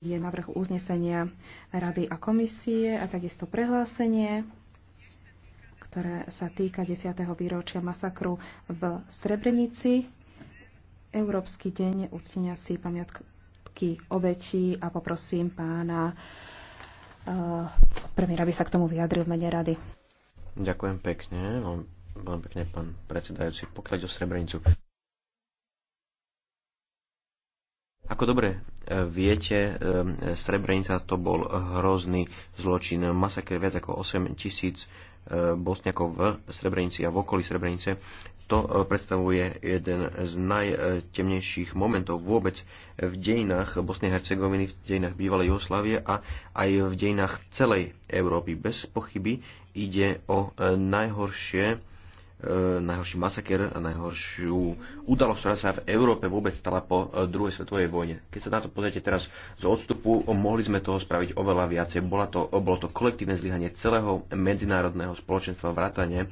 je navrh uznesenia Rady a komisie a takisto prehlásenie, ktoré sa týka 10. výročia masakru v Srebrenici, Európsky deň uctenia si pamiatky obetí a poprosím pána uh, premiéra, aby sa k tomu vyjadril v mene rady. Ďakujem pekne, veľmi pekne pán predsedajúci, pokiaľ o Srebrenicu. Ako dobre e, viete, e, Srebrenica to bol hrozný zločin, masaker viac ako 8 tisíc e, Bosniakov v Srebrenici a v okolí Srebrenice. To predstavuje jeden z najtemnejších momentov vôbec v dejinách Bosnej Hercegoviny, v dejinách bývalej Jugoslávie a aj v dejinách celej Európy. Bez pochyby ide o najhoršie E, najhorší masaker a najhoršiu udalosť, ktorá sa v Európe vôbec stala po e, druhej svetovej vojne. Keď sa na to pozriete teraz z odstupu, mohli sme toho spraviť oveľa viacej. Bola to, bolo to kolektívne zlyhanie celého medzinárodného spoločenstva vrátane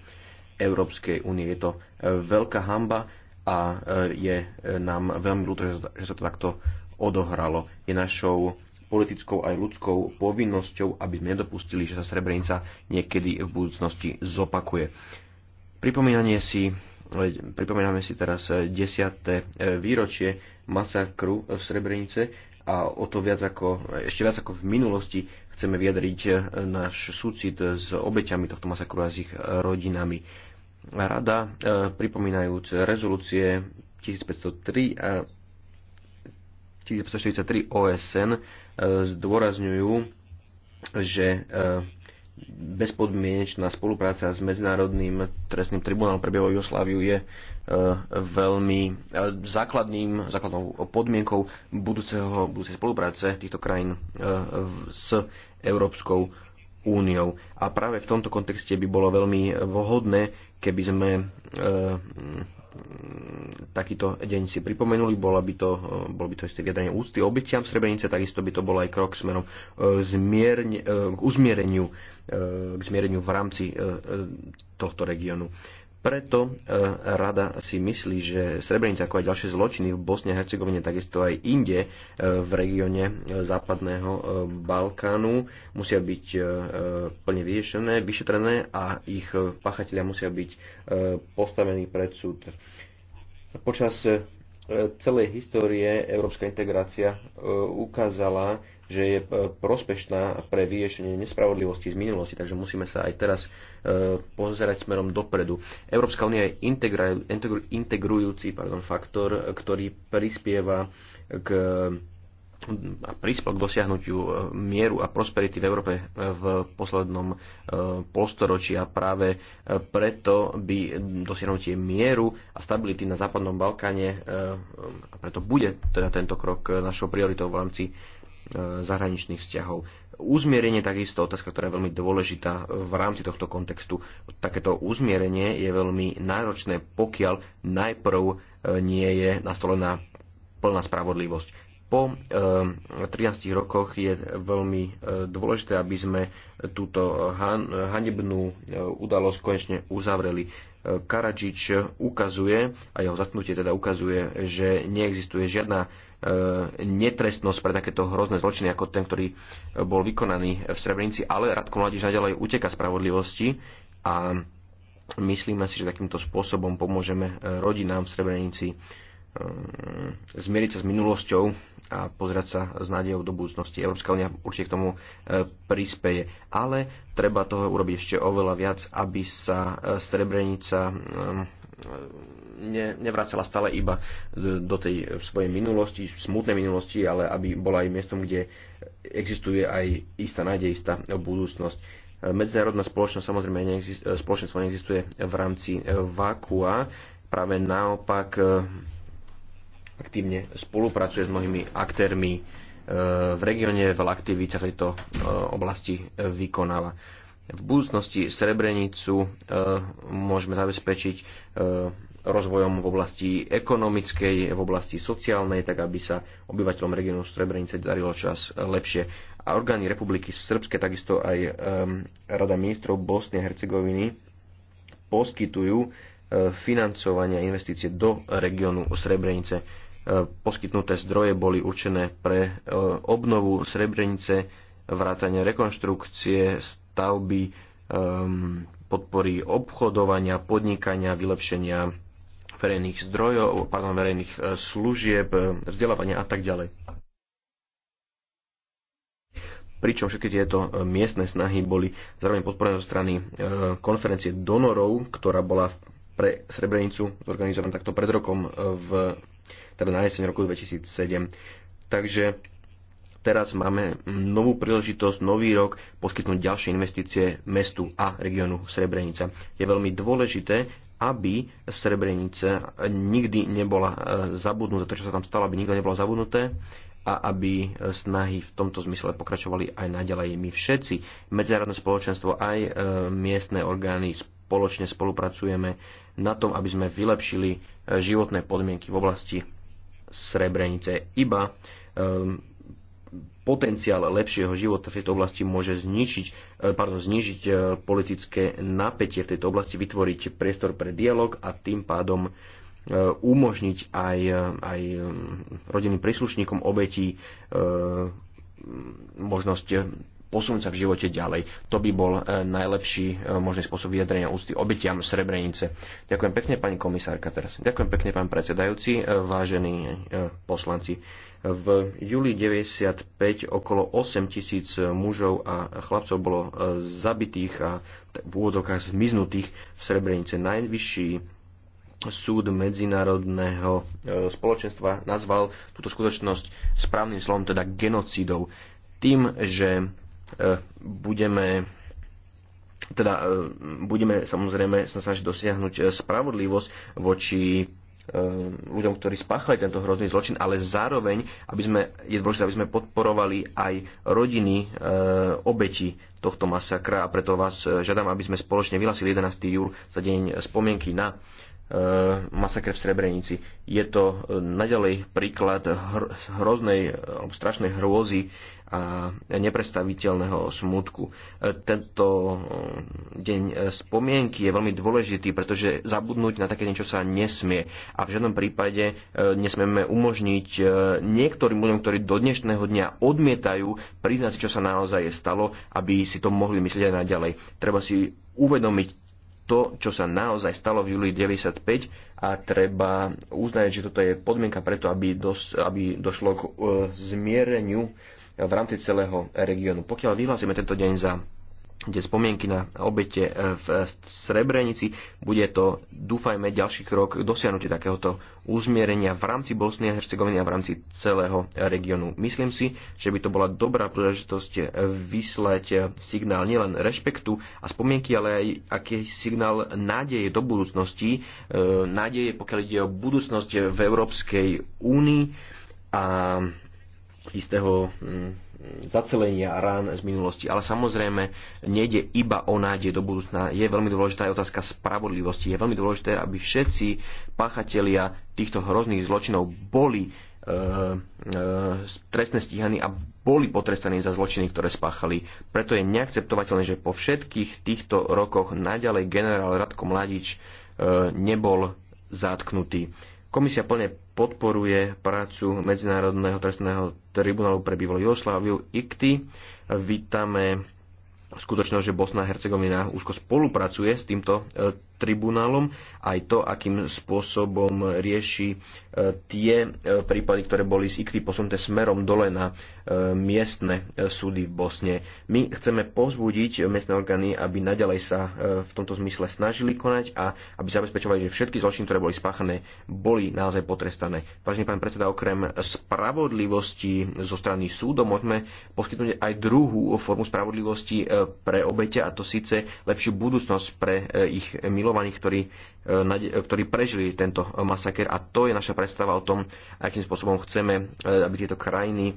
Európskej únie. Je to e, veľká hamba a je nám veľmi ľúto, že sa to takto odohralo. Je našou politickou aj ľudskou povinnosťou, aby sme nedopustili, že sa Srebrenica niekedy v budúcnosti zopakuje. Pripomínanie si, eh, pripomíname si teraz 10. Eh, eh, výročie masakru v Srebrenice a o to viac ako, ešte viac ako v minulosti chceme vyjadriť náš súcit s obeťami tohto masakru a s ich rodinami. Rada, pripomínajúc rezolúcie 1503 a 1543 OSN, zdôrazňujú, že bezpodmienečná spolupráca s Medzinárodným trestným tribunálom pre Bielú Jugosláviu je e, veľmi e, základným, základnou podmienkou budúceho, budúcej spolupráce týchto krajín e, s Európskou úniou. A práve v tomto kontexte by bolo veľmi vhodné, keby sme Mm, takýto deň si pripomenuli, bolo by to, e, bolo by to isté vyjadrenie úcty obetiam Srebrenice, takisto by to bol aj krok smerom e, zmierne, e, k uzmiereniu, k zmiereniu v rámci tohto regiónu. Preto e, rada si myslí, že Srebrenica ako aj ďalšie zločiny v Bosne a Hercegovine, takisto aj inde e, v regióne e, západného Balkánu musia byť plne vyriešené, vyšetrené a ich pachatelia musia byť postavení pred súd. Počas celej histórie európska integrácia ukázala, že je e, prospešná pre vyriešenie nespravodlivosti z minulosti, takže musíme sa aj teraz e, pozerať smerom dopredu. Európska únia je integrujúci pardon, faktor, ktorý prispieva k a prispel k dosiahnutiu e, mieru a prosperity v Európe v poslednom polstoročí a práve preto by dosiahnutie mieru a stability na Západnom Balkáne a preto bude teda tento krok našou prioritou v rámci Eh, zahraničných vzťahov. Uzmierenie takisto otázka, ktorá je veľmi dôležitá eh, v rámci tohto kontextu. Takéto uzmierenie je veľmi náročné, pokiaľ najprv eh, nie je nastolená plná spravodlivosť po 13 eh, rokoch je veľmi eh, dôležité, aby sme túto hanebnú eh, udalosť konečne uzavreli. Karadžič ukazuje, a jeho zatknutie teda ukazuje, že neexistuje žiadna netrestnosť pre takéto hrozné zločiny ako ten, ktorý bol vykonaný v Srebrenici, ale Radko Mladíš naďalej uteka spravodlivosti a myslíme si, že takýmto spôsobom pomôžeme rodinám v Srebrenici Ehm, zmieriť sa s minulosťou a pozerať sa s nádejou do budúcnosti. Európska únia určite k tomu e, prispeje, ale treba toho urobiť ešte oveľa viac, aby sa e, Srebrenica ehm, e, ne, nevracala stále iba do tej svojej minulosti, smutnej minulosti, ale aby bola aj miestom, kde existuje aj istá nádej, istá budúcnosť. Medzinárodná spoločnosť samozrejme neexistuje, spoločnosť neexistuje v rámci vakua, práve naopak aktívne spolupracuje s mnohými aktérmi e, v regióne, veľa aktivít sa v tejto e, oblasti vykonáva. V budúcnosti Srebrenicu e, môžeme zabezpečiť rozvojom v oblasti ekonomickej, v oblasti sociálnej, tak aby sa obyvateľom regiónu Srebrenice darilo čas lepšie. A orgány Republiky Srbske, takisto aj Rada ministrov Bosny a Hercegoviny poskytujú financovania investície do regiónu Srebrenice. Poskytnuté zdroje boli určené pre e, obnovu Srebrenice, vrátanie rekonštrukcie, stavby, e, podpory obchodovania, podnikania, vylepšenia verejných zdrojov, pardon, verejných e, služieb, vzdelávania a tak ďalej. Pričom všetky tieto miestne snahy boli zároveň podporené zo strany konferencie donorov, ktorá bola pre Srebrenicu zorganizovaný takto pred rokom e, v, teda na jeseň roku 2007. Takže teraz máme novú príležitosť, nový rok poskytnúť ďalšie investície mestu a regiónu Srebrenica. Je veľmi dôležité, aby Srebrenica nikdy nebola e, zabudnutá, to, čo sa tam stalo, aby nikdy nebolo zabudnuté a aby snahy v tomto zmysle pokračovali aj naďalej. My všetci, medzinárodné spoločenstvo, aj e, miestne orgány spoločne spolupracujeme na tom, aby sme vylepšili e, životné podmienky v oblasti Srebrenice. Iba um, potenciál lepšieho života v tejto oblasti môže zničiť, e, pardon, znižiť politické napätie v tejto oblasti, vytvoriť priestor pre dialog a tým pádom umožniť aj, aj rodinným príslušníkom obetí možnosť posunúť sa v živote ďalej. To by bol e, najlepší e, možný spôsob vyjadrenia úcty obetiam Srebrenice. Ďakujem pekne, pani komisárka teraz. Ďakujem pekne, pán predsedajúci, e, vážení poslanci. V júli 95 okolo 8 tisíc mužov a chlapcov bolo zabitých a v úvodokách zmiznutých v Srebrenice. Najvyšší súd medzinárodného spoločenstva nazval túto skutočnosť správnym slovom, teda genocidou. Tým, že E, budeme teda e, budeme samozrejme sa snažiť dosiahnuť e, spravodlivosť voči ľuďom, ktorí spáchali tento hrozný zločin, ale zároveň aby sme, je dôležité, aby sme podporovali aj rodiny e, obeti tohto masakra a preto vás žiadam, aby sme spoločne vyhlasili 11. júl za deň spomienky na Eh, masakre v Srebrenici. Je to eh, naďalej príklad hroznej eh, alebo strašnej hrôzy a neprestaviteľného smutku. Tento deň spomienky je veľmi dôležitý, pretože zabudnúť na také niečo sa nesmie. A v žiadnom prípade nesmieme umožniť niektorým ľuďom, ktorí do dnešného dňa odmietajú priznať si, čo sa naozaj stalo, aby si to mohli myslieť aj naďalej. Treba si uvedomiť to, čo sa naozaj stalo v júli 95 a treba uznať, že toto je podmienka preto, aby, dos, aby došlo k uh, zmiereniu v rámci celého regiónu. Pokiaľ vyhlásime tento deň za tie spomienky na obete e, e, v Srebrenici. Bude to, dúfajme, ďalší krok k dosiahnutiu takéhoto uzmierenia v rámci Bosny a Hercegoviny a v rámci celého regiónu. Myslím si, že by to bola dobrá príležitosť e, vyslať signál nielen rešpektu a spomienky, ale aj aký signál nádeje do budúcnosti, nádeje, pokiaľ ide o budúcnosť v Európskej únii a istého mm, zacelenia rán z minulosti. Ale samozrejme, nejde iba o nádej do budúcna. Je veľmi dôležitá aj otázka spravodlivosti. Je veľmi dôležité, aby všetci páchatelia týchto hrozných zločinov boli e, e, trestne stíhaní a boli potrestaní za zločiny, ktoré spáchali. Preto je neakceptovateľné, že po všetkých týchto rokoch naďalej generál Radko Mladič e, nebol zatknutý. Komisia plne podporuje prácu Medzinárodného trestného tribunálu pre bývalú Jugosláviu ICTY. Vítame skutočnosť, že Bosna a Hercegovina úzko spolupracuje s týmto e, tribunálom, aj to, akým spôsobom rieši e, tie e, prípady, ktoré boli z IKTY posunuté smerom dole na e, miestne súdy v Bosne. My chceme pozbudiť miestne orgány, aby naďalej sa v tomto zmysle snažili konať a aby zabezpečovali, že všetky zločiny, ktoré boli spáchané, boli naozaj potrestané. Vážený pán predseda, okrem spravodlivosti zo strany súdov môžeme poskytnúť aj druhú formu spravodlivosti pre obete a to síce lepšiu budúcnosť pre ich milosti milovaných, ktorí, e, e, ktorí prežili tento masaker a to je naša predstava o tom, akým spôsobom chceme, e, aby tieto krajiny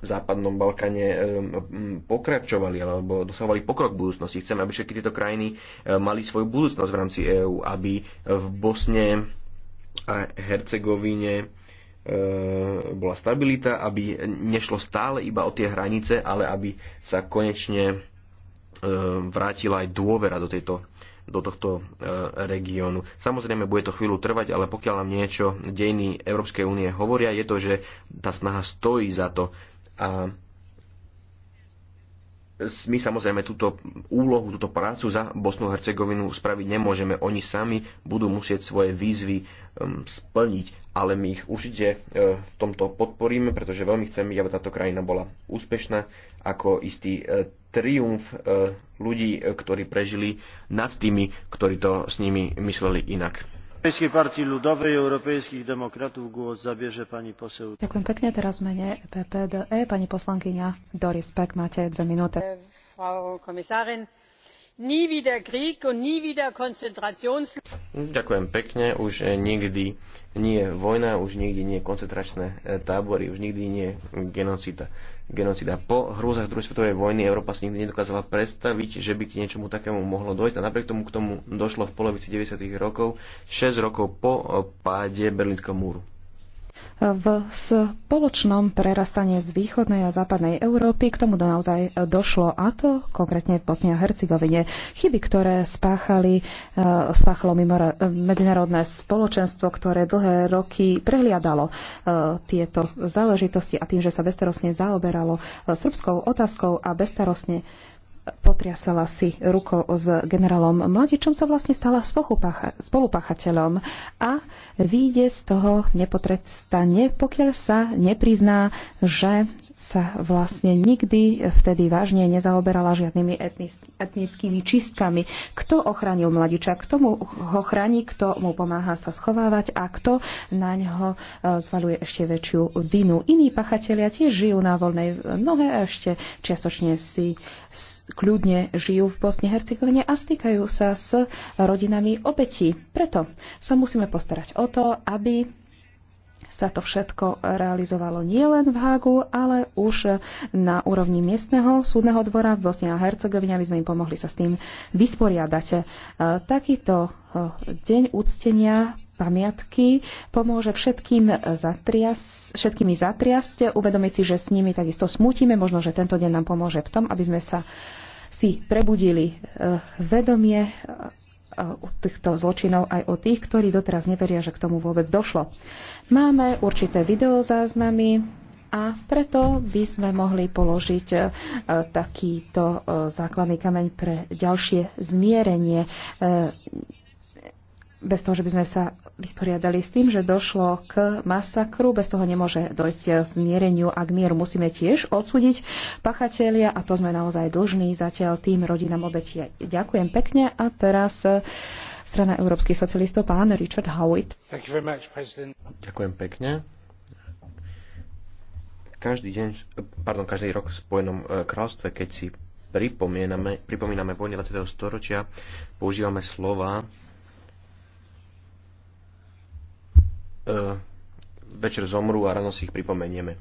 v západnom Balkáne pokračovali alebo dosahovali pokrok v budúcnosti. Chceme, aby všetky tieto krajiny mali svoju budúcnosť v rámci EÚ, aby v Bosne a Hercegovine bola stabilita, aby nešlo stále iba o tie hranice, ale aby sa konečne vrátila aj dôvera do tejto do tohto e, regiónu. Samozrejme, bude to chvíľu trvať, ale pokiaľ nám niečo dejiny Európskej únie hovoria, je to, že tá snaha stojí za to. A my samozrejme túto úlohu, túto prácu za Bosnu a Hercegovinu spraviť nemôžeme. Oni sami budú musieť svoje výzvy um, splniť, ale my ich určite uh, v tomto podporíme, pretože veľmi chceme, aby táto krajina bola úspešná ako istý uh, triumf uh, ľudí, uh, ktorí prežili nad tými, ktorí to s nimi mysleli inak. Európskej partii ľudovej európskych demokratov głos zabierze pani poseł. Ďakujem pekne, teraz mene PPDE, e, pani poslankyňa Doris Pek, máte dve minúty. E, frau Kommissarin, nie wieder Krieg und nie wieder Ďakujem pekne, už eh, nikdy nie vojna, už nikdy nie koncentračné eh, tábory, už nikdy nie genocida. genocida. Po hrúzach druhej svetovej vojny Európa si nikdy nedokázala predstaviť, že by k niečomu takému mohlo dojsť a napriek tomu k tomu došlo v polovici 90. rokov, 6 rokov po páde Berlínskeho múru v spoločnom prerastanie z východnej a západnej Európy. K tomu naozaj došlo a to konkrétne v Bosne a Hercegovine. Chyby, ktoré spáchali, e, spáchalo mimo, e, medzinárodné spoločenstvo, ktoré dlhé roky prehliadalo e, tieto záležitosti a tým, že sa bezstarostne zaoberalo srbskou otázkou a bezstarostne potriasala si rukou s generálom Mladičom, sa vlastne stala spolupachateľom a vyjde z toho nepotrestane, pokiaľ sa neprizná, že sa vlastne nikdy vtedy vážne nezaoberala žiadnymi etnickými čistkami. Kto ochránil mladiča, kto mu ho chráni, kto mu pomáha sa schovávať a kto na ňo e, zvaluje ešte väčšiu vinu. Iní pachatelia tiež žijú na voľnej nohe a ešte čiastočne si kľudne žijú v Bosne Hercegovine a stýkajú sa s rodinami obetí. Preto sa musíme postarať o to, aby sa to všetko realizovalo nielen v Hágu, ale už na úrovni miestneho súdneho dvora v Bosne a Hercegovine, aby sme im pomohli sa s tým vysporiadať. E, takýto e, deň úctenia pamiatky pomôže všetkým zatriasť, všetkými zatriasť, uvedomiť si, že s nimi takisto smutíme, možno, že tento deň nám pomôže v tom, aby sme sa si prebudili e, vedomie Eh, od týchto zločinov aj od tých, ktorí doteraz neveria, že k tomu vôbec došlo. Máme určité videozáznamy a preto by sme mohli položiť eh, takýto eh, základný kameň pre ďalšie zmierenie bez toho, že by sme sa vysporiadali s tým, že došlo k masakru, bez toho nemôže dojsť k zmiereniu a k mieru. Musíme tiež odsúdiť pachatelia a to sme naozaj dlžní zatiaľ tým rodinám obetie. Ďakujem pekne a teraz e, strana európskych socialistov pán Richard Howitt. Much, Ďakujem pekne. Každý, deň, pardon, každý rok v Spojenom e, kráľstve, keď si pripomíname, pripomíname vojne 20. storočia, používame slova E, večer zomrú a ráno si ich pripomenieme.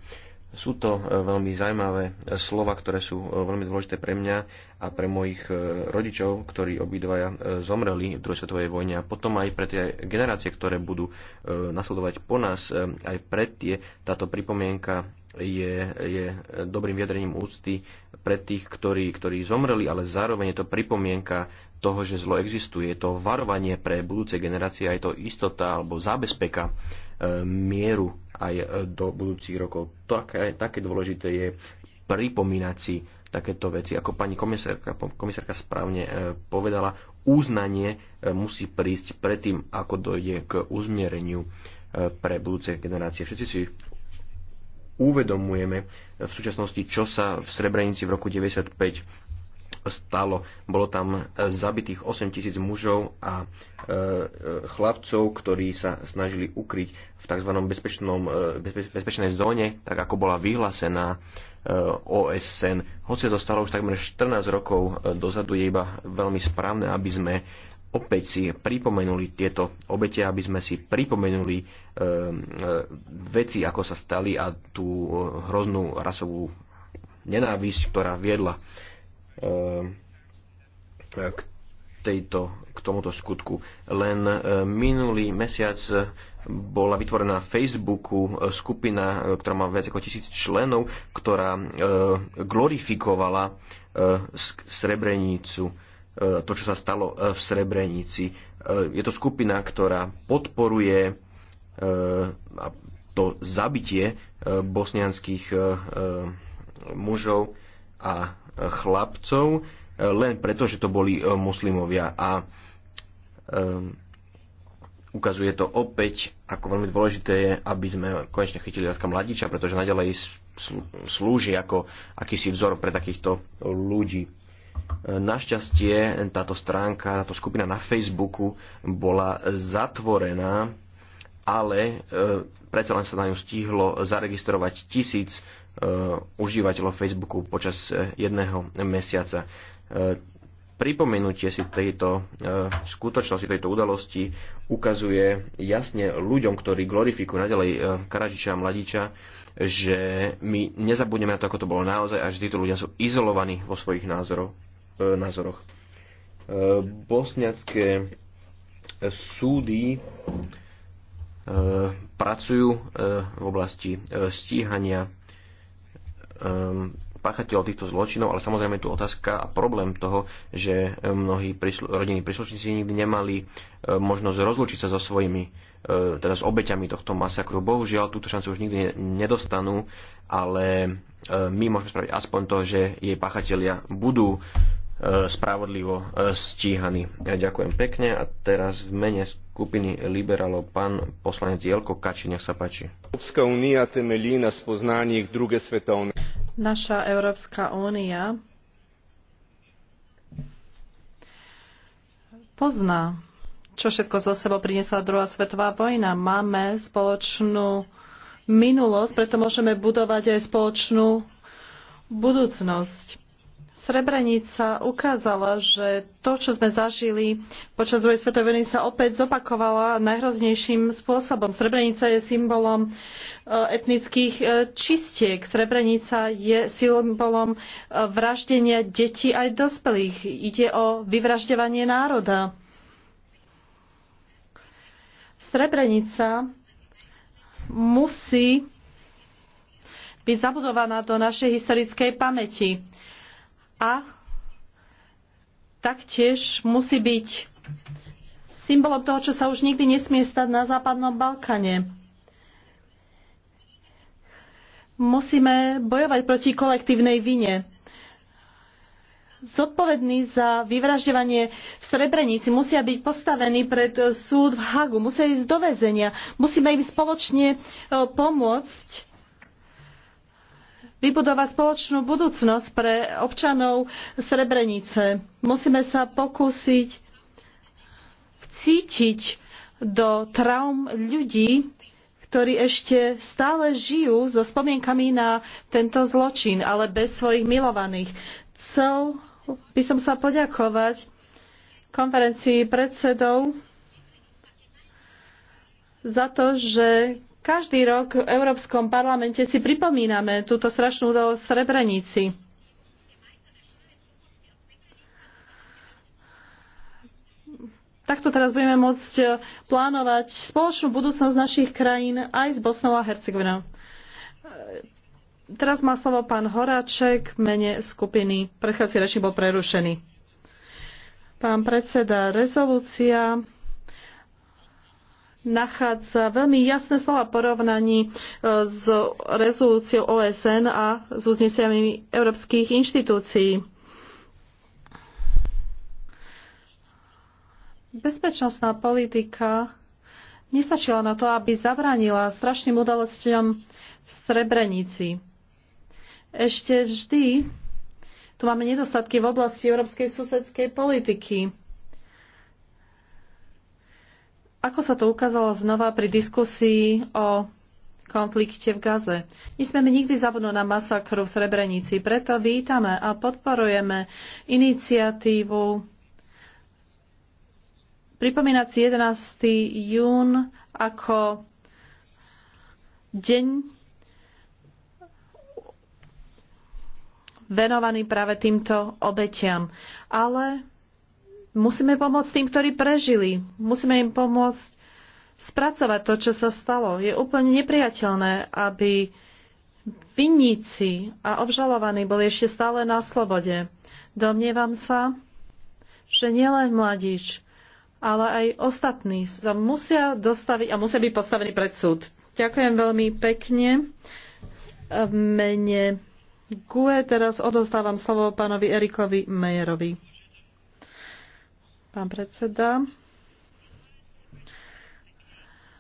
Sú to e, veľmi zaujímavé e, slova, ktoré sú veľmi dôležité pre mňa a pre mojich rodičov, ktorí obidvaja zomreli v druhej svetovej vojne a potom aj pre tie generácie, ktoré budú nasledovať po nás, aj pre tie táto pripomienka je, je dobrým vyjadrením úcty pre tých, ktorí, ktorí zomreli, ale zároveň je to pripomienka toho, že zlo existuje. Je to varovanie pre budúce generácie a je to istota alebo zábezpeka e, mieru aj do budúcich rokov. Také, také dôležité je pripomínať si takéto veci. Ako pani komisárka, komisárka správne e, povedala, uznanie e, musí prísť predtým, ako dojde k uzmiereniu e, pre budúce generácie. Všetci si uvedomujeme v súčasnosti, čo sa v Srebrenici v roku 95 stalo. Bolo tam e, zabitých 8 tisíc mužov a e, e, chlapcov, ktorí sa snažili ukryť v tzv. Bezpe bezpečnej zóne, tak ako bola vyhlásená OSN. Hoci to stalo už takmer 14 rokov dozadu, je iba veľmi správne, aby sme opäť si pripomenuli tieto obete, aby sme si pripomenuli e, e, veci, ako sa stali a tú e, hroznú rasovú nenávisť, ktorá viedla e, k, tejto, k tomuto skutku. Len e, minulý mesiac bola vytvorená Facebooku e, skupina, e, ktorá má viac ako tisíc členov, ktorá e, glorifikovala e, Srebrenicu E, to, čo sa stalo e, v Srebrenici. E, je to skupina, ktorá podporuje to zabitie bosnianských mužov a chlapcov len preto, že to boli muslimovia. A ukazuje to opäť, ako veľmi dôležité je, aby sme konečne chytili Radka Mladiča, pretože naďalej slúži ako akýsi vzor pre takýchto ľudí. Našťastie táto stránka, táto skupina na Facebooku bola zatvorená, ale e, predsa len sa na ňu stihlo zaregistrovať tisíc e, užívateľov Facebooku počas e, jedného mesiaca. Pripomenutie si tejto skutočnosti, tejto udalosti ukazuje jasne ľuďom, ktorí glorifikujú e, Karadžiča a Mladiča, že my nezabudneme na to, ako to bolo naozaj a že títo ľudia sú izolovaní vo svojich názoroch E, názoroch. E, bosniacké súdy e, pracujú v oblasti stíhania páchateľov týchto zločinov, ale samozrejme je tu otázka a problém toho, že mnohí príslu- rodinní príslušníci nikdy nemali možnosť rozlučiť sa so svojimi, teda s obeťami tohto masakru. Bohužiaľ, túto šancu už nikdy nedostanú, ale my môžeme spraviť aspoň to, že jej páchatelia budú E, spravodlivo e, stíhaní. Ja ďakujem pekne a teraz v mene skupiny liberálov pán poslanec Jelko Kači, nech sa páči. Európska únia temelí na spoznaní druge svetovne. Naša Európska únia pozná, čo všetko zo sebou priniesla druhá svetová vojna. Máme spoločnú minulosť, preto môžeme budovať aj spoločnú budúcnosť Srebrenica ukázala, že to, čo sme zažili počas druhej svetovej vojny, sa opäť zopakovala najhroznejším spôsobom. Srebrenica je symbolom eh, etnických eh, čistiek. Srebrenica je symbolom eh, vraždenia detí aj dospelých. Ide o vyvražďovanie národa. Srebrenica musí byť zabudovaná do našej historickej pamäti a taktiež musí byť symbolom toho, čo sa už nikdy nesmie stať na Západnom Balkáne. Musíme bojovať proti kolektívnej vine. Zodpovední za vyvražďovanie v Srebrenici musia byť postavení pred súd v Hagu, musia ísť do väzenia. Musíme im spoločne e, pomôcť vybudovať spoločnú budúcnosť pre občanov Srebrenice. Musíme sa pokúsiť vcítiť do traum ľudí, ktorí ešte stále žijú so spomienkami na tento zločin, ale bez svojich milovaných. Chcel by som sa poďakovať konferencii predsedov za to, že každý rok v Európskom parlamente si pripomíname túto strašnú udalosť v Srebrenici. Takto teraz budeme môcť plánovať spoločnú budúcnosť našich krajín aj s Bosnou a Hercegovinou. Teraz má slovo pán Horáček v mene skupiny. Prechádzajúci reči bol prerušený. Pán predseda, rezolúcia nachádza veľmi jasné slova porovnaní e, s rezolúciou OSN a s uzneseniami európskych inštitúcií. Bezpečnostná politika nestačila na to, aby zabránila strašným udalostiam v Srebrenici. Ešte vždy tu máme nedostatky v oblasti európskej susedskej politiky ako sa to ukázalo znova pri diskusii o konflikte v Gaze. Nesmieme nikdy zabudnúť na masakru v Srebrenici, preto vítame a podporujeme iniciatívu pripomínať si 11. jún ako deň venovaný práve týmto obetiam. Ale Musíme pomôcť tým, ktorí prežili. Musíme im pomôcť spracovať to, čo sa stalo. Je úplne nepriateľné, aby vinníci a obžalovaní boli ešte stále na slobode. Domnievam sa, že nielen mladíč, ale aj ostatní sa musia dostaviť a musia byť postavení pred súd. Ďakujem veľmi pekne. V mene GUE teraz odostávam slovo pánovi Erikovi Mejerovi. Pán predseda,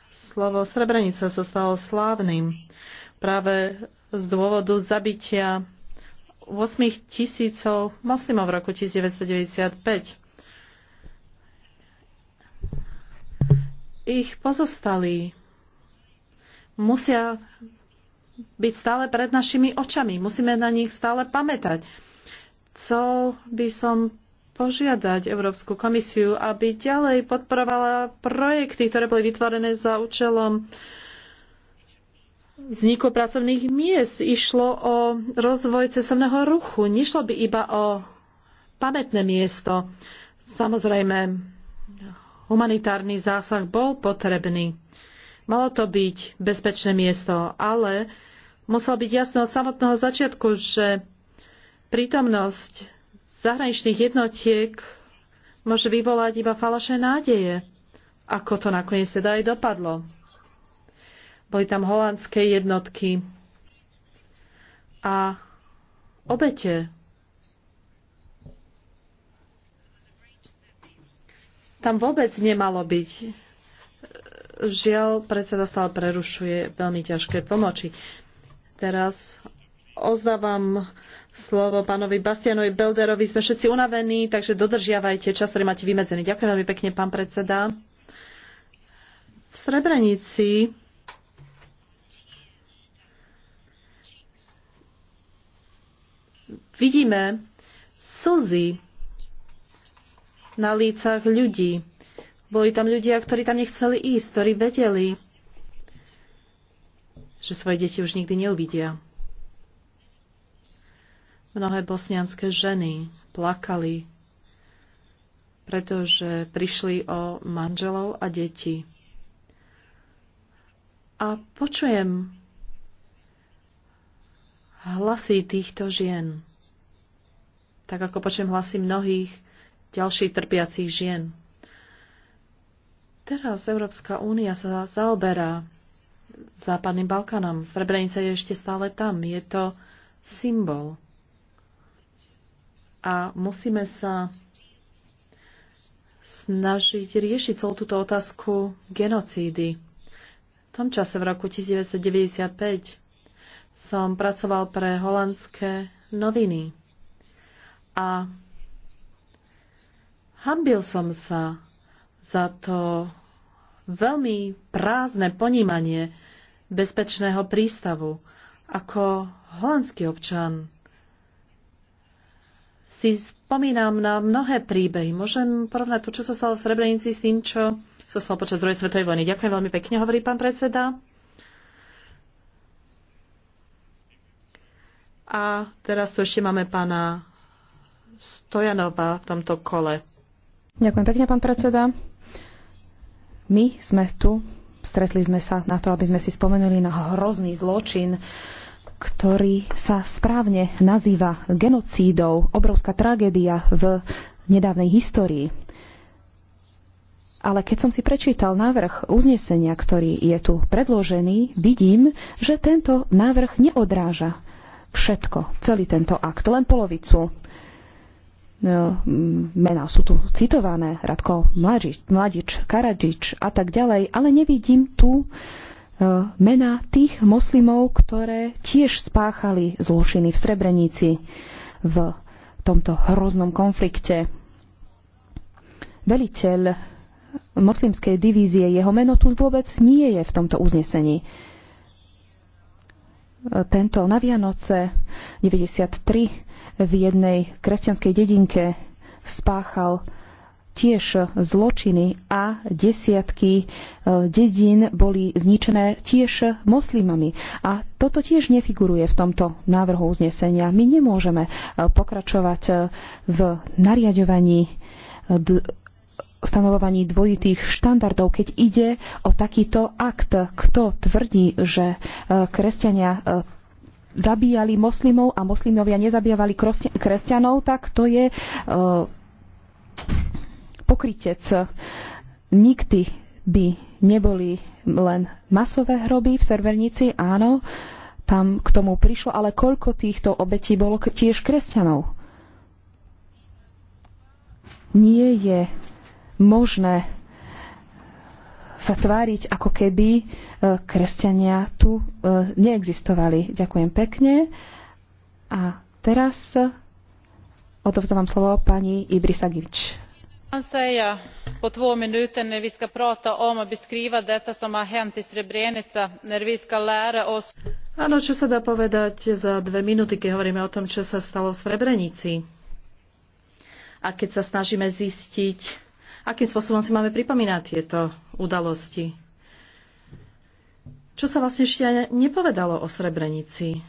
slovo Srebrenica sa stalo slávnym práve z dôvodu zabitia 8 tisícov moslimov v roku 1995. Ich pozostali musia byť stále pred našimi očami. Musíme na nich stále pamätať. Co by som požiadať Európsku komisiu, aby ďalej podporovala projekty, ktoré boli vytvorené za účelom vzniku pracovných miest. Išlo o rozvoj cestovného ruchu. Nešlo by iba o pamätné miesto. Samozrejme, humanitárny zásah bol potrebný. Malo to byť bezpečné miesto, ale muselo byť jasné od samotného začiatku, že prítomnosť zahraničných jednotiek môže vyvolať iba falašné nádeje, ako to nakoniec teda aj dopadlo. Boli tam holandské jednotky a obete. Tam vôbec nemalo byť. Žiaľ, predseda stále prerušuje veľmi ťažké tlmoči. Teraz ozdávam slovo pánovi Bastianovi Belderovi. Sme všetci unavení, takže dodržiavajte čas, ktorý máte vymedzený. Ďakujem veľmi pekne, pán predseda. V Srebrenici vidíme slzy na lícach ľudí. Boli tam ľudia, ktorí tam nechceli ísť, ktorí vedeli, že svoje deti už nikdy neuvidia. Mnohé bosnianské ženy plakali, pretože prišli o manželov a deti. A počujem hlasy týchto žien, tak ako počujem hlasy mnohých ďalších trpiacich žien. Teraz Európska únia sa zaoberá Západným Balkánom. Srebrenica je ešte stále tam. Je to symbol a musíme sa snažiť riešiť celú túto otázku genocídy. V tom čase v roku 1995 som pracoval pre holandské noviny a hambil som sa za to veľmi prázdne ponímanie bezpečného prístavu ako holandský občan si spomínam na mnohé príbehy. Môžem porovnať to, čo sa stalo v Srebrenici s tým, čo sa stalo počas druhej svetovej vojny. Ďakujem veľmi pekne, hovorí pán predseda. A teraz tu ešte máme pána Stojanova v tomto kole. Ďakujem pekne, pán predseda. My sme tu, stretli sme sa na to, aby sme si spomenuli na hrozný zločin, ktorý sa správne nazýva genocídou, obrovská tragédia v nedávnej histórii. Ale keď som si prečítal návrh uznesenia, ktorý je tu predložený, vidím, že tento návrh neodráža všetko, celý tento akt, len polovicu. No, mm, mená sú tu citované, Radko Mladič, Mladič Karadžič a tak ďalej, ale nevidím tu uh, E, mena tých moslimov, ktoré tiež spáchali zločiny v Srebrenici v tomto hroznom konflikte. Veliteľ moslimskej divízie, jeho meno tu vôbec nie je v tomto uznesení. E, tento na Vianoce 93 v jednej kresťanskej dedinke spáchal tiež zločiny a desiatky e, dedín boli zničené tiež moslimami. A toto tiež nefiguruje v tomto návrhu uznesenia. My nemôžeme e, pokračovať e, v nariadovaní stanovovaní dvojitých štandardov, keď ide o takýto akt. Kto tvrdí, že kresťania zabíjali moslimov a moslimovia nezabíjali kresťanov, tak to je pokrytec. Nikdy by neboli len masové hroby v Severnici, áno, tam k tomu prišlo, ale koľko týchto obetí bolo tiež kresťanov? Nie je možné sa tváriť, ako keby e, kresťania tu e, neexistovali. Ďakujem pekne. A teraz odovzdávam slovo pani Ibrisagič kan säga på två minuter när vi ska prata om och beskriva detta som har hänt i Srebrenica, när vi ska lära oss... Áno, čo sa dá povedať za dve minúty, keď hovoríme o tom, čo sa stalo v Srebrenici. A keď sa snažíme zistiť, akým spôsobom si máme pripomínať tieto udalosti. Čo sa vlastne ešte nepovedalo o Srebrenici?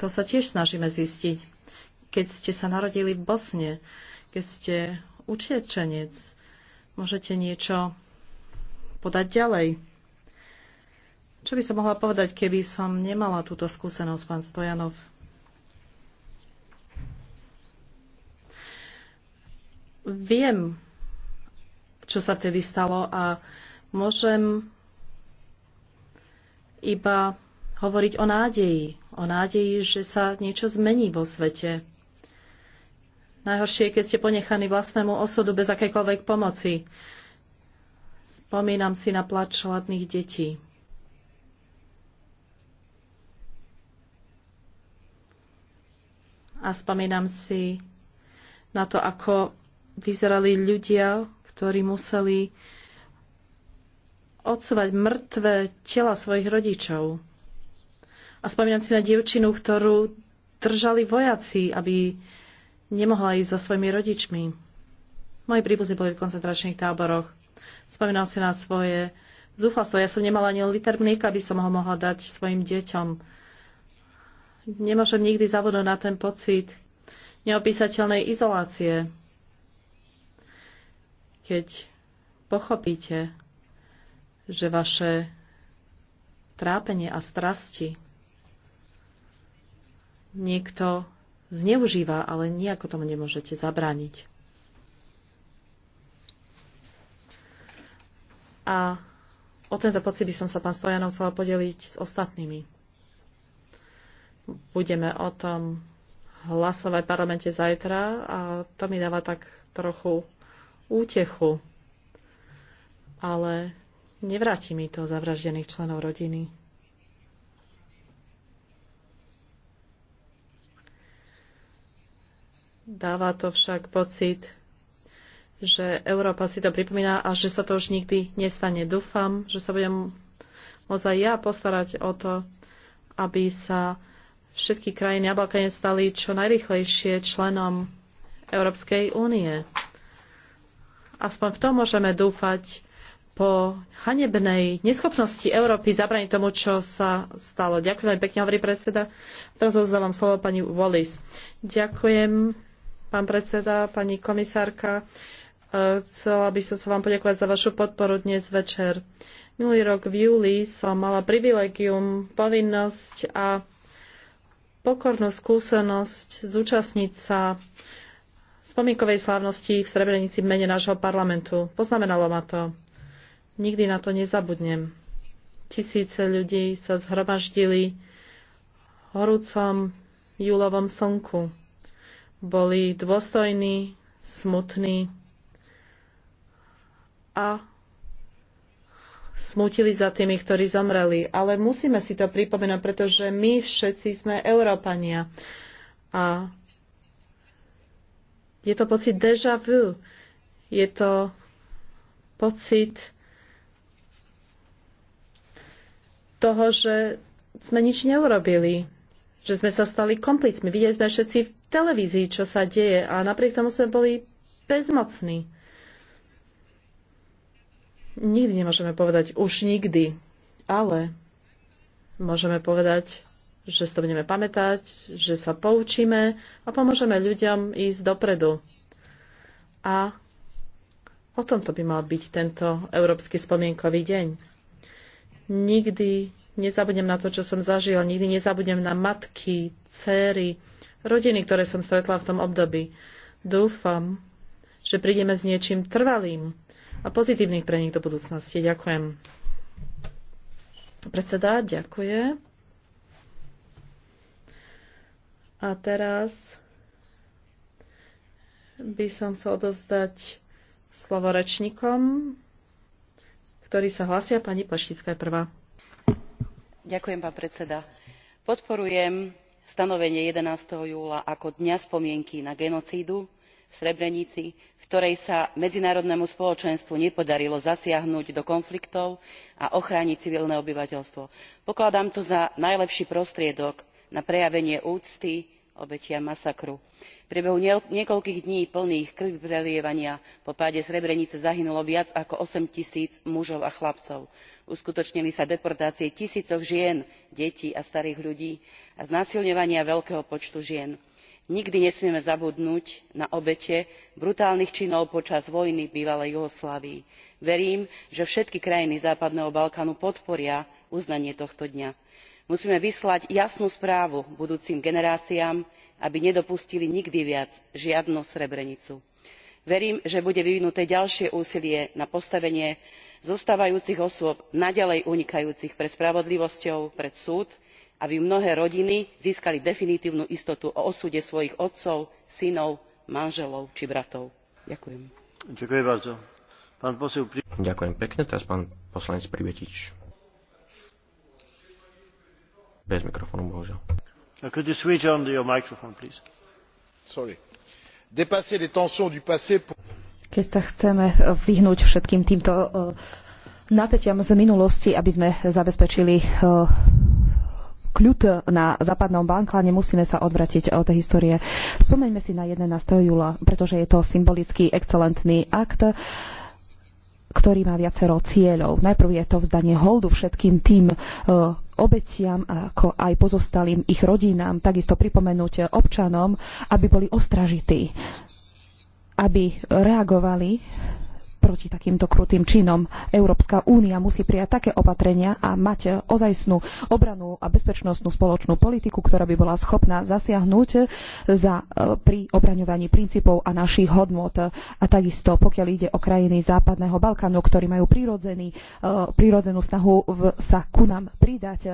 To sa tiež snažíme zistiť. Keď ste sa narodili v Bosne, keď ste utečenec. Môžete niečo podať ďalej. Čo by som mohla povedať, keby som nemala túto skúsenosť, pán Stojanov? Viem, čo sa vtedy stalo a môžem iba hovoriť o nádeji. O nádeji, že sa niečo zmení vo svete. Najhoršie je, keď ste ponechaní vlastnému osudu bez akejkoľvek pomoci. Spomínam si na plač hladných detí. A spomínam si na to, ako vyzerali ľudia, ktorí museli odsúvať mŕtve tela svojich rodičov. A spomínam si na dievčinu, ktorú držali vojaci, aby nemohla ísť so svojimi rodičmi. Moji príbuzní boli v koncentračných táboroch. Spomínal si na svoje zúfalstvo. Ja som nemala ani liter mlieka, aby som ho mohla dať svojim deťom. Nemôžem nikdy zavodnúť na ten pocit neopísateľnej izolácie. Keď pochopíte, že vaše trápenie a strasti niekto zneužíva, ale nejako tomu nemôžete zabrániť. A o tento pocit by som sa, pán Stojanov, chcela podeliť s ostatnými. Budeme o tom hlasovať v parlamente zajtra a to mi dáva tak trochu útechu. Ale nevráti mi to zavraždených členov rodiny. Dáva to však pocit, že Európa si to pripomína a že sa to už nikdy nestane. Dúfam, že sa budem môcť aj ja postarať o to, aby sa všetky krajiny na Balkáne stali čo najrychlejšie členom Európskej únie. Aspoň v tom môžeme dúfať po hanebnej neschopnosti Európy zabraniť tomu, čo sa stalo. Ďakujem pekne, hovorí predseda. Teraz odzávam slovo pani Wallis. Ďakujem. Pán predseda, pani komisárka, e, chcela by som sa vám poďakovať za vašu podporu dnes večer. Minulý rok v júli som mala privilegium, povinnosť a pokornú skúsenosť zúčastniť sa spomienkovej slávnosti v Srebrenici v mene nášho parlamentu. Poznamenalo ma to. Nikdy na to nezabudnem. Tisíce ľudí sa zhromaždili v horúcom júlovom slnku boli dôstojní, smutní a smutili za tými, ktorí zomreli. Ale musíme si to pripomenúť, pretože my všetci sme Európania. A je to pocit déjà vu. Je to pocit toho, že sme nič neurobili. Že sme sa stali komplicmi. Videli sme všetci televízii, čo sa deje a napriek tomu sme boli bezmocní. Nikdy nemôžeme povedať už nikdy, ale môžeme povedať, že si to budeme pamätať, že sa poučíme a pomôžeme ľuďom ísť dopredu. A o tomto by mal byť tento Európsky spomienkový deň. Nikdy nezabudnem na to, čo som zažil, nikdy nezabudnem na matky, céry, rodiny, ktoré som stretla v tom období. Dúfam, že prídeme s niečím trvalým a pozitívnym pre nich do budúcnosti. Ďakujem. Predseda, ďakuje. A teraz by som chcel odovzdať slovo rečníkom, ktorí sa hlasia. Pani Pleštická je prvá. Ďakujem, pán predseda. Podporujem stanovenie. eleven júla ako dňa spomienky na genocídu v srebrenici v ktorej sa medzinárodnému spoločenstvu nepodarilo zasiahnuť do konfliktov a ochrániť civilné obyvateľstvo. pokladám to za najlepší prostriedok na prejavenie úcty obetiam masakru. v priebehu niekoľkých dní plných krviprelievania po páde srebrenice zahynulo viac ako eight tisíc mužov a chlapcov uskutočnili sa deportácie tisícok žien detí a starých ľudí a znásilňovania veľkého počtu žien. nikdy nesmieme zabudnúť na obete brutálnych činov počas vojny v bývalej juhoslávii. verím že všetky krajiny západného balkánu podporia uznanie tohto dňa. musíme vyslať jasnú správu budúcim generáciám aby nedopustili nikdy viac žiadnu srebrenicu. verím že bude vyvinuté ďalšie úsilie na postavenie zostávajúcich osôb naďalej unikajúcich pred spravodlivosťou pred súd aby mnohé rodiny získali definitívnu istotu o osude svojich otcov synov manželov či bratov. ďakujem. Uh, Dépasser les tensions du passé pour keď sa chceme vyhnúť všetkým týmto e, napätiam z minulosti, aby sme zabezpečili e, kľud na západnom Balkáne, musíme sa odvratiť od histórie. Spomeňme si na 11. júla, pretože je to symbolický, excelentný akt, ktorý má viacero cieľov. Najprv je to vzdanie holdu všetkým tým e, obetiam, ako aj pozostalým ich rodinám, takisto pripomenúť občanom, aby boli ostražití aby reagovali proti takýmto krutým činom. Európska únia musí prijať také opatrenia a mať ozajstnú obranú a bezpečnostnú spoločnú politiku, ktorá by bola schopná zasiahnuť za, e, pri obraňovaní princípov a našich hodnot. A takisto, pokiaľ ide o krajiny Západného Balkánu, ktorí majú prirodzený, e, prirodzenú snahu v, sa ku nám pridať, e,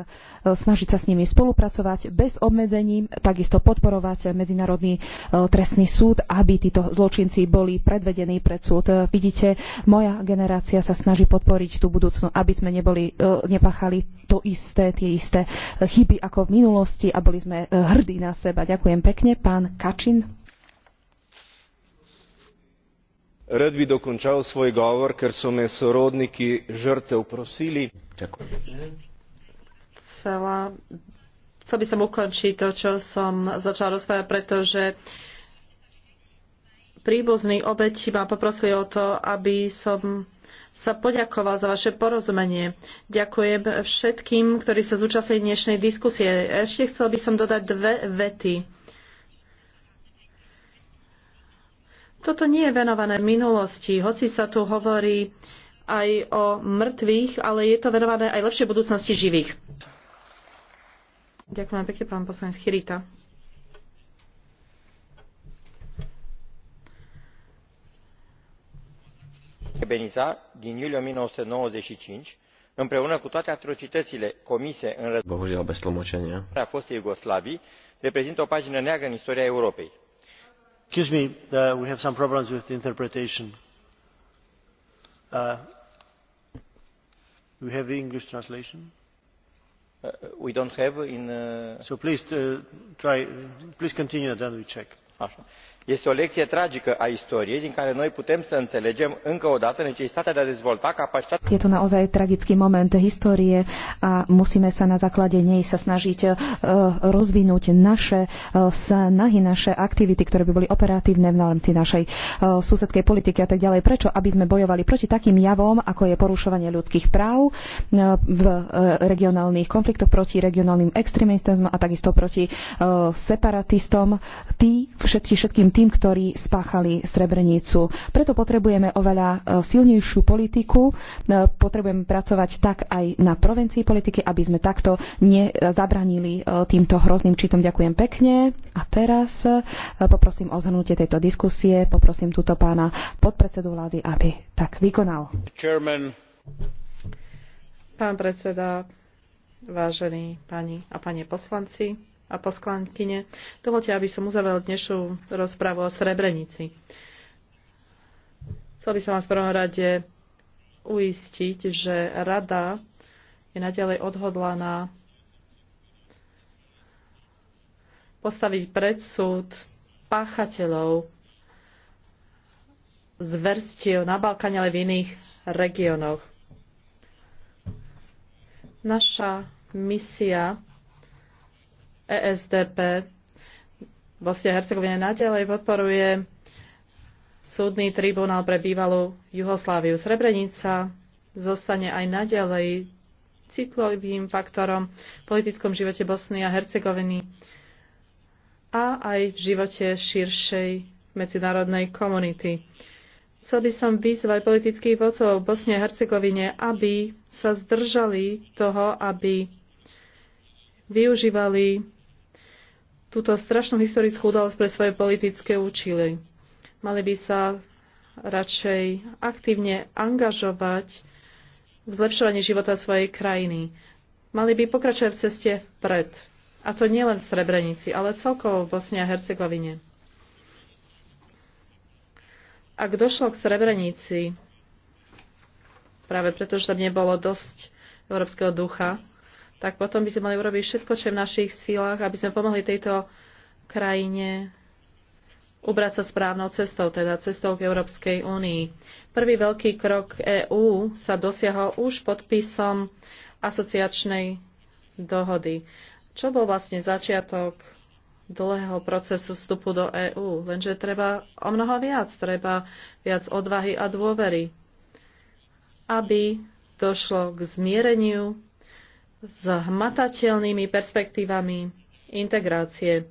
snažiť sa s nimi spolupracovať bez obmedzení, takisto podporovať Medzinárodný trestný súd, aby títo zločinci boli predvedení pred súd. Vidíte, moja generácia sa snaží podporiť tú budúcnu, aby sme neboli, e, nepáchali to isté, tie isté e, chyby ako v minulosti a boli sme e, hrdí na seba. Ďakujem pekne. Pán Kačin. Rád by dokončal svoj govor, ker so me sorodniki žrtev prosili. Ďakujem. Chcela, chcel by som ukončiť to, čo som začal rozprávať, pretože príbuzný obeti ma poprosili o to, aby som sa poďakoval za vaše porozumenie. Ďakujem všetkým, ktorí sa zúčastnili dnešnej diskusie. Ešte chcel by som dodať dve vety. Toto nie je venované minulosti, hoci sa tu hovorí aj o mŕtvych, ale je to venované aj lepšej budúcnosti živých. Ďakujem pekne, pán poslanec Chirita. srebrenica din iulie o mie nouă sute nouăzeci și cinci împreună cu toate atrocitățile comise în răzbunarea fostei iugoslavii reprezintă o pagină neagră în istoria europei este o lecție tragică a istoriei din care noi putem să înțelegem încă o dată necesitatea de a dezvolta capacitatea Je to naozaj tragický moment histórie a musíme sa na základe nej sa snažiť e, rozvinúť naše e, snahy, naše aktivity, ktoré by boli operatívne v rámci našej e, susedskej politiky a tak ďalej. Prečo? Aby sme bojovali proti takým javom, ako je porušovanie ľudských práv v regionálnych konfliktoch, proti regionálnym extrémistom a takisto proti separatistom. Tí, všetkým tým, ktorí spáchali Srebrenicu. Preto potrebujeme oveľa e, silnejšiu politiku, e, potrebujeme pracovať tak aj na provencii politiky, aby sme takto nezabranili e, týmto hrozným čitom. Ďakujem pekne. A teraz poprosím o zhrnutie tejto diskusie, poprosím túto pána podpredsedu vlády, aby tak vykonal. Chairman. Pán predseda, vážení pani a pani poslanci, a poslankyne. Dovolte, aby som uzavrel dnešnú rozprávu o Srebrenici. Chcel by som vás v prvom rade uistiť, že rada je naďalej odhodlaná postaviť predsud páchateľov z verstiev na Balkáne, ale v iných regiónoch. Naša misia ESDP v Bosne a Hercegovine naďalej podporuje súdny tribunál pre bývalú Juhosláviu. Srebrenica zostane aj naďalej citlovým faktorom v politickom živote Bosny a Hercegoviny a aj v živote širšej medzinárodnej komunity. Chcel by som vyzvať politických vodcov v Bosne a Hercegovine, aby sa zdržali toho, aby využívali túto strašnú historickú udalosť pre svoje politické účely. Mali by sa radšej aktívne angažovať v zlepšovaní života svojej krajiny. Mali by pokračovať v ceste vpred. A to nielen v Srebrenici, ale celkovo v Bosne a Hercegovine. Ak došlo k Srebrenici, práve preto, že tam nebolo dosť európskeho ducha, tak potom by sme mali urobiť všetko, čo je v našich sílach, aby sme pomohli tejto krajine ubrať sa správnou cestou, teda cestou k Európskej únii. Prvý veľký krok EÚ sa dosiahol už podpisom asociačnej dohody, čo bol vlastne začiatok dlhého procesu vstupu do EÚ. Lenže treba o mnoho viac, treba viac odvahy a dôvery, aby došlo k zmiereniu s hmatateľnými perspektívami integrácie.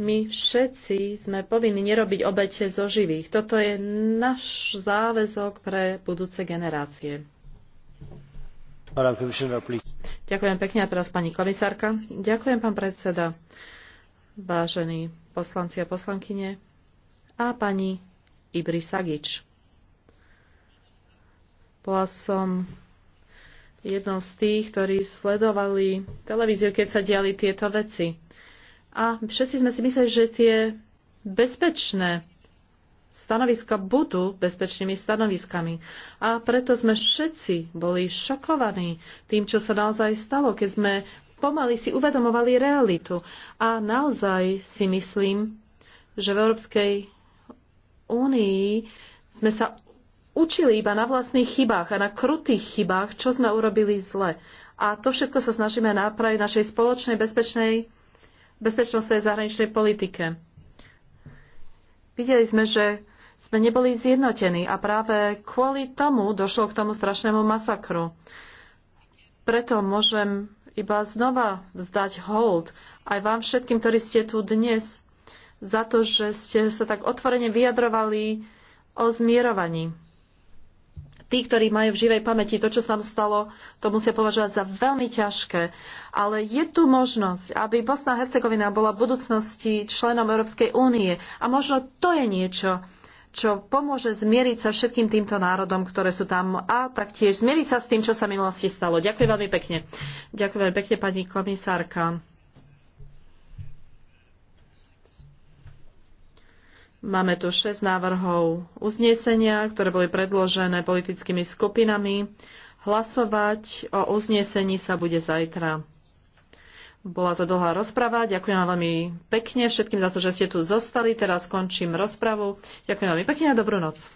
My všetci sme povinni nerobiť obete zo živých. Toto je náš záväzok pre budúce generácie. Ďakujem pekne. A teraz pani komisárka. Ďakujem, pán predseda, vážení poslanci a poslankyne a pani Ibris Sagič. Bola som jednou z tých, ktorí sledovali televíziu, keď sa diali tieto veci. A všetci sme si mysleli, že tie bezpečné stanoviska budú bezpečnými stanoviskami. A preto sme všetci boli šokovaní tým, čo sa naozaj stalo, keď sme pomaly si uvedomovali realitu. A naozaj si myslím, že v Európskej únii sme sa učili iba na vlastných chybách a na krutých chybách, čo sme urobili zle. A to všetko sa snažíme napraviť našej spoločnej bezpečnej, bezpečnostnej zahraničnej politike. Videli sme, že sme neboli zjednotení a práve kvôli tomu došlo k tomu strašnému masakru. Preto môžem iba znova zdať hold aj vám všetkým, ktorí ste tu dnes, za to, že ste sa tak otvorene vyjadrovali o zmierovaní tí, ktorí majú v živej pamäti to, čo sa tam stalo, to musia považovať za veľmi ťažké. Ale je tu možnosť, aby Bosna a Hercegovina bola v budúcnosti členom Európskej únie. A možno to je niečo, čo pomôže zmieriť sa všetkým týmto národom, ktoré sú tam a taktiež zmieriť sa s tým, čo sa v minulosti stalo. Ďakujem veľmi pekne. Ďakujem veľmi pekne, pani komisárka. Máme tu šesť návrhov uznesenia, ktoré boli predložené politickými skupinami. Hlasovať o uznesení sa bude zajtra. Bola to dlhá rozprava. Ďakujem vám veľmi pekne všetkým za to, že ste tu zostali. Teraz končím rozpravu. Ďakujem veľmi pekne a dobrú noc.